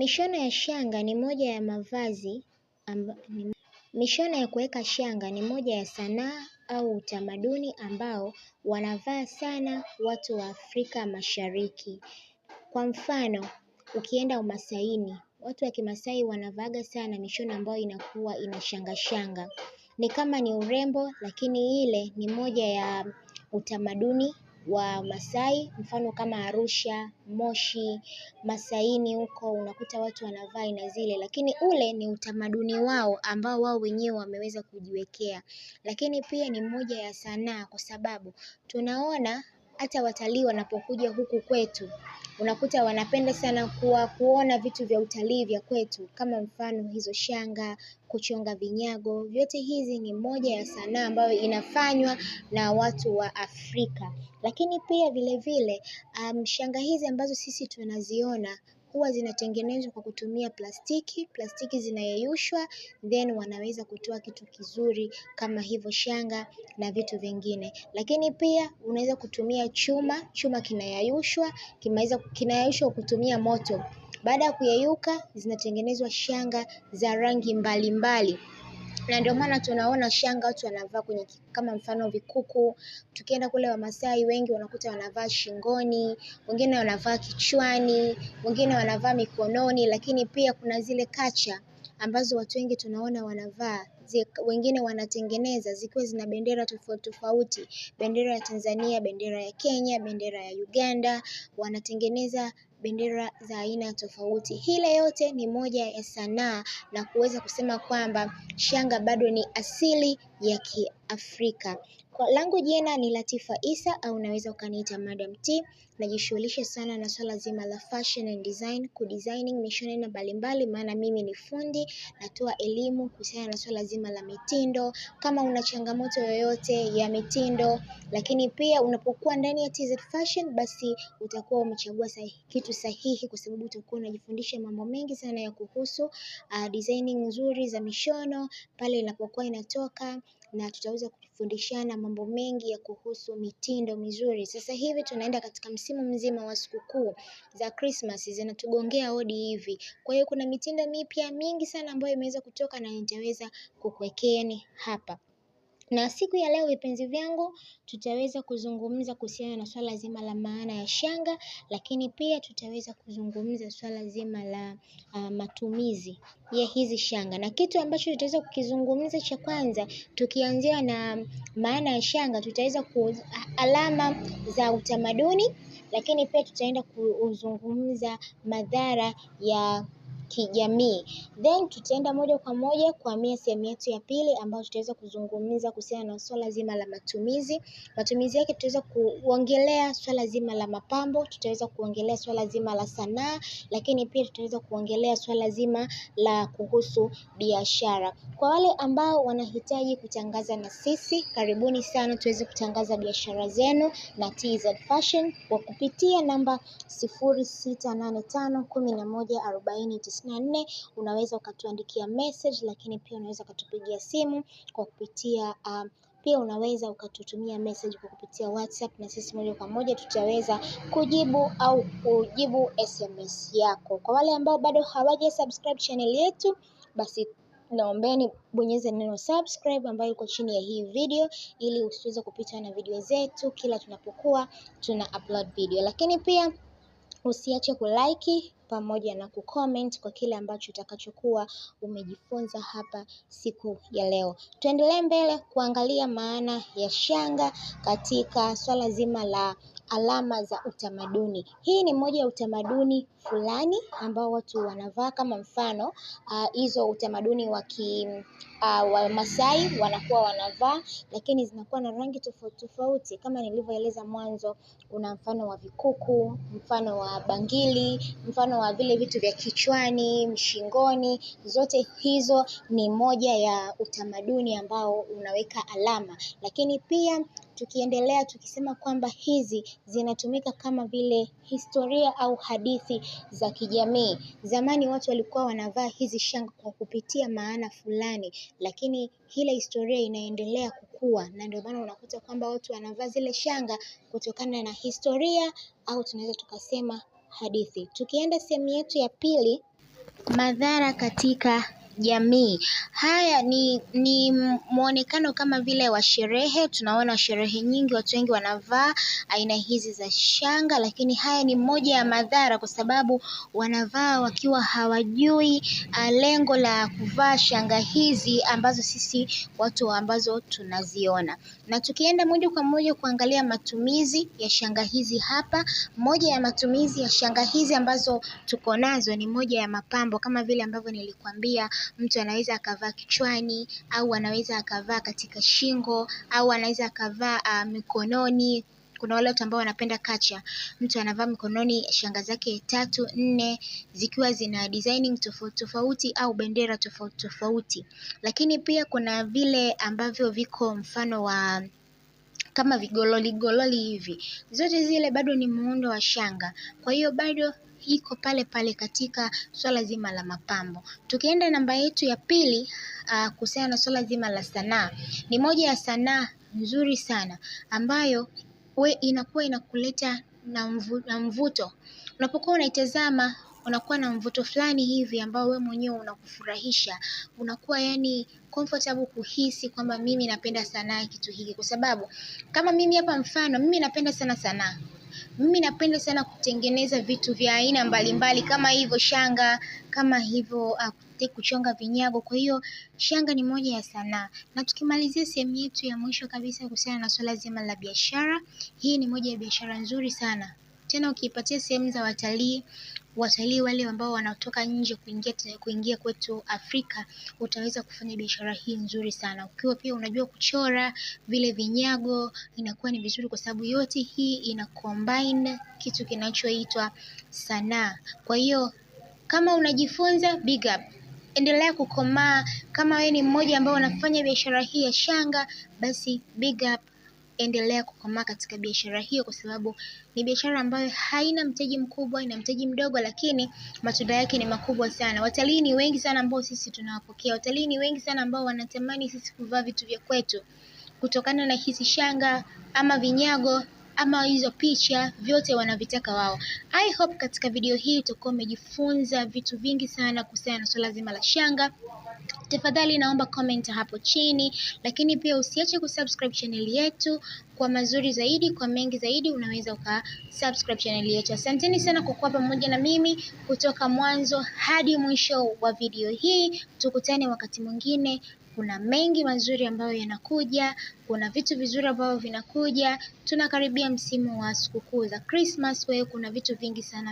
Mishono ya shanga ni moja ya mavazi mishono ya kuweka shanga ni moja ya sanaa au utamaduni ambao wanavaa sana watu wa Afrika Mashariki. Kwa mfano, ukienda umasaini, watu wa kimasai wanavaaga sana mishono ambayo inakuwa ina shanga shanga. Ni kama ni urembo lakini ile ni moja ya utamaduni wa Masai, mfano kama Arusha, Moshi, Masaini huko unakuta watu wanavaa aina zile, lakini ule ni utamaduni wao ambao wao wenyewe wameweza kujiwekea. Lakini pia ni moja ya sanaa kwa sababu tunaona hata watalii wanapokuja huku kwetu unakuta wanapenda sana kuwa kuona vitu vya utalii vya kwetu kama mfano hizo shanga, kuchonga vinyago, vyote hizi ni moja ya sanaa ambayo inafanywa na watu wa Afrika. Lakini pia vilevile um, shanga hizi ambazo sisi tunaziona huwa zinatengenezwa kwa kutumia plastiki. Plastiki zinayeyushwa then wanaweza kutoa kitu kizuri kama hivyo shanga na vitu vingine, lakini pia unaweza kutumia chuma. Chuma kinayayushwa kimaweza kinayayushwa kutumia moto, baada ya kuyeyuka zinatengenezwa shanga za rangi mbalimbali na ndio maana tunaona shanga watu wanavaa kwenye kama mfano vikuku. Tukienda kule Wamasai wengi wanakuta wanavaa shingoni, wengine wanavaa kichwani, wengine wanavaa mikononi, lakini pia kuna zile kacha ambazo watu wengi tunaona wanavaa wengine wanatengeneza zikiwa zina bendera tofauti tofauti, bendera ya Tanzania, bendera ya Kenya, bendera ya Uganda wanatengeneza bendera za aina tofauti. Hile yote ni moja ya sanaa na kuweza kusema kwamba shanga bado ni asili ya Kiafrika. Kwa langu jina ni Latifa Isa au unaweza ukaniita Madam T. Najishughulisha sana na swala zima la fashion and design, designing mishoni na mbalimbali, maana mimi ni fundi, natoa elimu kuhusiana na swala zima la mitindo. Kama una changamoto yoyote ya mitindo, lakini pia unapokuwa ndani ya TZ Fashion, basi utakuwa umechagua sahihi, kitu sahihi, kwa sababu utakuwa unajifundisha mambo mengi sana ya kuhusu uh, designing nzuri za mishono pale inapokuwa inatoka na tutaweza kufundishana mambo mengi ya kuhusu mitindo mizuri. Sasa hivi tunaenda katika msimu mzima wa sikukuu za Christmas zinatugongea hodi hivi. Kwa hiyo kuna mitindo mipya mingi sana ambayo imeweza kutoka na nitaweza kukuwekeeni hapa. Na siku ya leo vipenzi vyangu, tutaweza kuzungumza kuhusiana na swala zima la maana ya shanga, lakini pia tutaweza kuzungumza swala zima la uh, matumizi ya hizi shanga. Na kitu ambacho tutaweza kukizungumza cha kwanza, tukianzia na maana ya shanga, tutaweza ku alama za utamaduni, lakini pia tutaenda kuzungumza madhara ya kijamii. Then tutaenda moja kwa moja kuhamia sehemu yetu ya pili, ambayo tutaweza kuzungumza kuhusiana na swala zima la matumizi. Matumizi yake tutaweza kuongelea swala zima la mapambo, tutaweza kuongelea swala zima la sanaa, lakini pia tutaweza kuongelea swala zima la kuhusu biashara. Kwa wale ambao wanahitaji kutangaza na sisi, karibuni sana tuweze kutangaza biashara zenu na TZ Fashion kwa kupitia namba 06851140 hamsini na nne. Unaweza ukatuandikia message, lakini pia unaweza ukatupigia simu kwa kupitia um, pia unaweza ukatutumia message kwa kupitia WhatsApp na sisi moja kwa moja tutaweza kujibu au kujibu SMS yako. Kwa wale ambao bado hawaja subscribe channel yetu, basi naombeni bonyeze neno subscribe ambayo iko chini ya hii video ili usiweze kupitwa na video zetu kila tunapokuwa tuna upload video, lakini pia Usiache kulike pamoja na kucomment kwa kile ambacho utakachokuwa umejifunza hapa siku ya leo. Tuendelee mbele kuangalia maana ya shanga katika swala zima la alama za utamaduni. Hii ni moja ya utamaduni fulani ambao watu wanavaa kama mfano ah, hizo uh, utamaduni wa ki uh, wa Masai wanakuwa wanavaa, lakini zinakuwa na rangi tofauti tofauti. Kama nilivyoeleza mwanzo, kuna mfano wa vikuku, mfano wa bangili, mfano wa vile vitu vya kichwani, mshingoni Zote hizo ni moja ya utamaduni ambao unaweka alama, lakini pia tukiendelea tukisema kwamba hizi zinatumika kama vile historia au hadithi za kijamii. Zamani watu walikuwa wanavaa hizi shanga kwa kupitia maana fulani, lakini ile historia inaendelea kukua, na ndio maana unakuta kwamba watu wanavaa zile shanga kutokana na historia au tunaweza tukasema hadithi. Tukienda sehemu yetu ya pili, madhara katika jamii. Haya ni, ni mwonekano kama vile wa sherehe. Tunaona sherehe nyingi, watu wengi wanavaa aina hizi za shanga, lakini haya ni moja ya madhara, kwa sababu wanavaa wakiwa hawajui ah, lengo la kuvaa shanga hizi ambazo sisi watu ambazo tunaziona. Na tukienda moja kwa moja kuangalia matumizi ya shanga hizi hapa, moja ya matumizi ya shanga hizi ambazo tuko nazo ni moja ya mapambo, kama vile ambavyo nilikwambia mtu anaweza akavaa kichwani au anaweza akavaa katika shingo au anaweza akavaa ah, mikononi. Kuna wale watu ambao wanapenda kacha, mtu anavaa mikononi shanga zake tatu nne, zikiwa zina designing tofauti tofauti au bendera tofauti tofauti. Lakini pia kuna vile ambavyo viko mfano wa kama vigololi gololi hivi, zote zile bado ni muundo wa shanga, kwa hiyo bado iko pale pale katika swala zima la mapambo. Tukienda namba yetu ya pili, uh, kuhusiana na swala zima la sanaa, ni moja ya sanaa nzuri sana ambayo we inakuwa inakuleta na, mvu, na mvuto unapokuwa unaitazama unakuwa na mvuto fulani hivi ambao we mwenyewe unakufurahisha, unakuwa yani comfortable kuhisi kwamba mimi napenda sanaa kitu hiki, kwa sababu kama mimi hapa, mfano mimi napenda sana sanaa mimi napenda sana kutengeneza vitu vya aina mbalimbali kama hivyo shanga, kama hivyo ah, kuchonga vinyago. Kwa hiyo shanga ni moja ya sanaa. Na tukimalizia sehemu yetu ya mwisho kabisa kuhusiana na swala zima la biashara, hii ni moja ya biashara nzuri sana. Tena ukiipatia sehemu za watalii watalii wale ambao wanatoka nje kuingia kuingia kwetu Afrika utaweza kufanya biashara hii nzuri sana. Ukiwa pia unajua kuchora vile vinyago inakuwa ni vizuri kwa sababu yote hii ina combine kitu kinachoitwa sanaa. Kwa hiyo kama unajifunza big up. Endelea kukomaa kama wewe ni mmoja ambao unafanya biashara hii ya shanga basi big up endelea kukomaa katika biashara hiyo kwa sababu ni biashara ambayo haina mtaji mkubwa, ina mtaji mdogo, lakini matunda yake ni makubwa sana. Watalii ni wengi sana ambao sisi tunawapokea, watalii ni wengi sana ambao wanatamani sisi kuvaa vitu vya kwetu kutokana na hizi shanga ama vinyago ama hizo picha, vyote wanavitaka wao. I hope katika video hii utakuwa umejifunza vitu vingi sana kuhusiana na swala zima la shanga. Tafadhali naomba comment hapo chini, lakini pia usiache kusubscribe channel yetu. Kwa mazuri zaidi, kwa mengi zaidi, unaweza uka subscribe channel yetu. Asanteni sana kwa kuwa pamoja na mimi kutoka mwanzo hadi mwisho wa video hii. Tukutane wakati mwingine kuna mengi mazuri ambayo yanakuja, kuna vitu vizuri ambavyo vinakuja. Tunakaribia msimu wa sikukuu za Christmas, kwa hiyo kuna vitu vingi sana